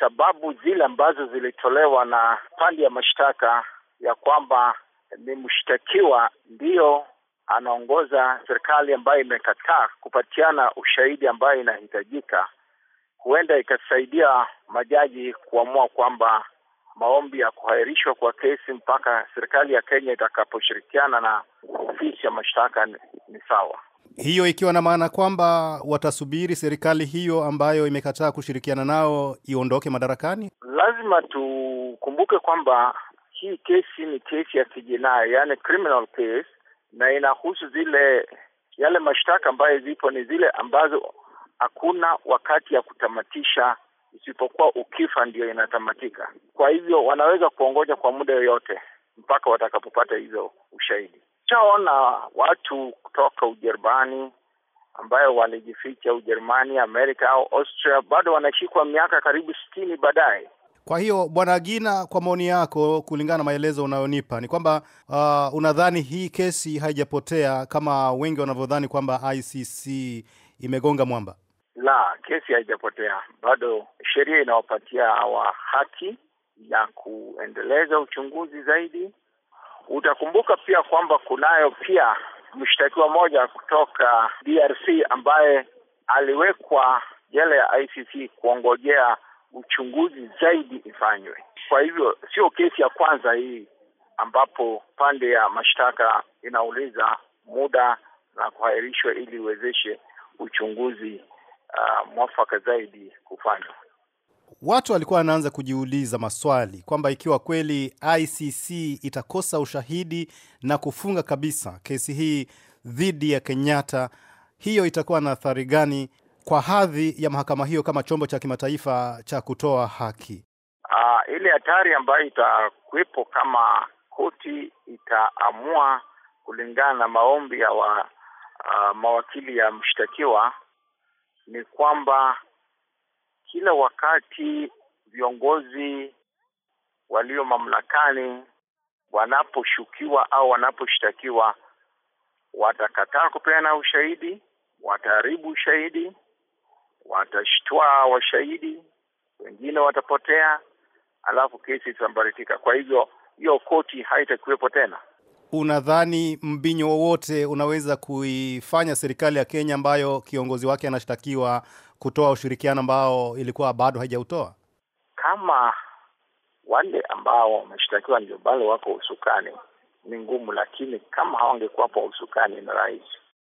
sababu zile ambazo zilitolewa na pande ya mashtaka ya kwamba ni mshtakiwa ndiyo anaongoza serikali ambayo imekataa kupatiana ushahidi ambayo inahitajika, huenda ikasaidia majaji kuamua kwamba maombi ya kuhairishwa kwa kesi mpaka serikali ya Kenya itakaposhirikiana na ofisi ya mashtaka ni sawa hiyo ikiwa na maana kwamba watasubiri serikali hiyo ambayo imekataa kushirikiana nao iondoke madarakani. Lazima tukumbuke kwamba hii kesi ni kesi ya kijinai, yani criminal case, na inahusu zile yale mashtaka ambayo zipo ni zile ambazo hakuna wakati ya kutamatisha, isipokuwa ukifa ndio inatamatika. Kwa hivyo wanaweza kuongoja kwa muda yoyote mpaka watakapopata hizo ushahidi. Tushaona watu kutoka Ujerumani ambayo walijificha Ujerumani, Amerika au Austria, bado wanashikwa miaka karibu sitini baadaye. Kwa hiyo Bwana Gina, kwa maoni yako, kulingana na maelezo unayonipa ni kwamba uh, unadhani hii kesi haijapotea kama wengi wanavyodhani kwamba ICC imegonga mwamba? La, kesi haijapotea bado, sheria inawapatia hawa haki ya kuendeleza uchunguzi zaidi Utakumbuka pia kwamba kunayo pia mshtakiwa mmoja kutoka DRC ambaye aliwekwa jela ya ICC kuongojea uchunguzi zaidi ifanywe. Kwa hivyo sio kesi ya kwanza hii ambapo pande ya mashtaka inauliza muda na kuhairishwa ili iwezeshe uchunguzi uh, mwafaka zaidi kufanywa watu walikuwa wanaanza kujiuliza maswali kwamba ikiwa kweli ICC itakosa ushahidi na kufunga kabisa kesi hii dhidi ya Kenyatta, hiyo itakuwa na athari gani kwa hadhi ya mahakama hiyo kama chombo cha kimataifa cha kutoa haki? Uh, ile hatari ambayo itakuwepo kama koti itaamua kulingana na maombi ya wa, uh, mawakili ya mshtakiwa ni kwamba kila wakati viongozi walio mamlakani wanaposhukiwa au wanaposhtakiwa, watakataa kupeana ushahidi, wataharibu ushahidi, watashtua washahidi, wengine watapotea, alafu kesi itasambaratika. Kwa hivyo hiyo koti haitakuwepo tena unadhani mbinyo wowote unaweza kuifanya serikali ya Kenya ambayo kiongozi wake anashtakiwa kutoa ushirikiano ambao ilikuwa bado haijautoa? Kama wale ambao wameshtakiwa ndio bado wako usukani ni ngumu, lakini kama hawangekuwapo usukani na rais